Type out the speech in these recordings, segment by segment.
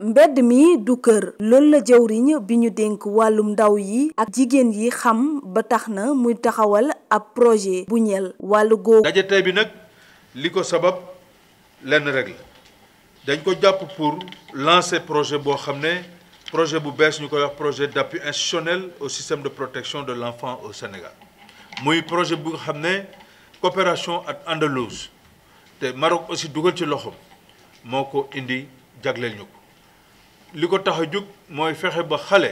mbedd mi du kër loolu la jëwriñ bi ñu dénk wàllum ndaw yi ak jigéen yi xam ba tax na muy taxawal ab projet bu ñel wàllu googu. daje tey bi nag li ko sabab lenn rek la dañ ko jàpp pour lancer projet boo xam ne projet bu bees ñu koy wax projet d'appui institutionnel au système de protection de l'enfant au Sénégal muy projet bu xam ne. coopération ak Andalouse te Maroc aussi dugal ci loxoom moo ko indi jagleel ñu ko li ko tax a jóg mooy fexe ba xale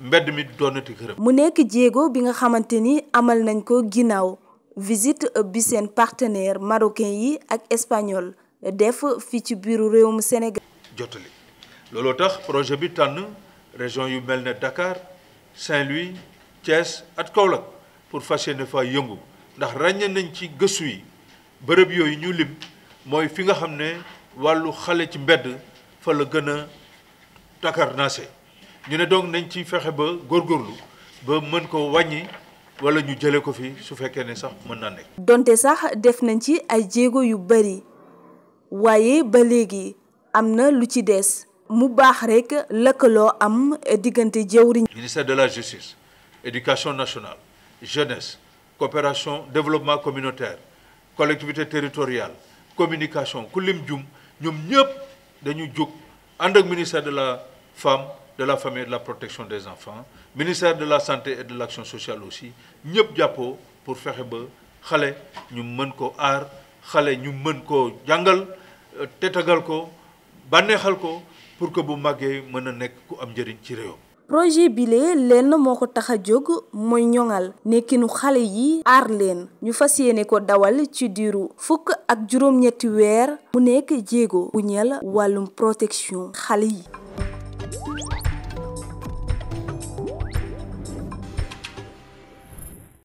mbedd mi doonati këram. mu nekk jéego bi nga xamante ni amal nañ ko ginnaaw visite bi seen partenaire marocain yi ak espagnol def fii ci biiru réew réewum Sénégal. jotali looloo tax projet bi tànn région yu mel ne Dakar Saint-Louis Thiès ak Kaolack pour fas yéene fa yëngu. ndax ràññe nañ ci gëstu yi bërëb yooyu ñu lim mooy fi nga xam ne wàllu xale ci mbedd fa la gën a takar naase ñu ne donc nañ ci fexe ba góorgóorlu ba mën ko wàññi wala ñu jëlee ko fi su fekkee ne sax mën naa nekk. donte sax def nañ ci ay jéego yu bari waaye ba léegi am na lu ci des mu baax rek lëkkaloo am diggante riñ ministère de la justice éducation nationale jeunesse. coopération développement communautaire collectivité territoriale communication ku lim jum ñoom ñëpp dañu jóg ànd ak ministère de la femme de la famille de la protection des enfants ministère de la santé et de l'action sociale aussi ñëpp jàppoo pour fexe ba xale ñu mën ko aar xale ñu mën ko jàngal tetagal ko bànneexal ko pour que bu màggee mën a nekk ku am njëriñ ci réew projet bile lenn moo ko tax a jóg mooy ñoŋal nekkinu xale yi aar leen ñu fas yéene ko dawal ci diiru fukk ak juróom-ñetti weer mu nekk jéego bu ñeel wàllum protection xale yi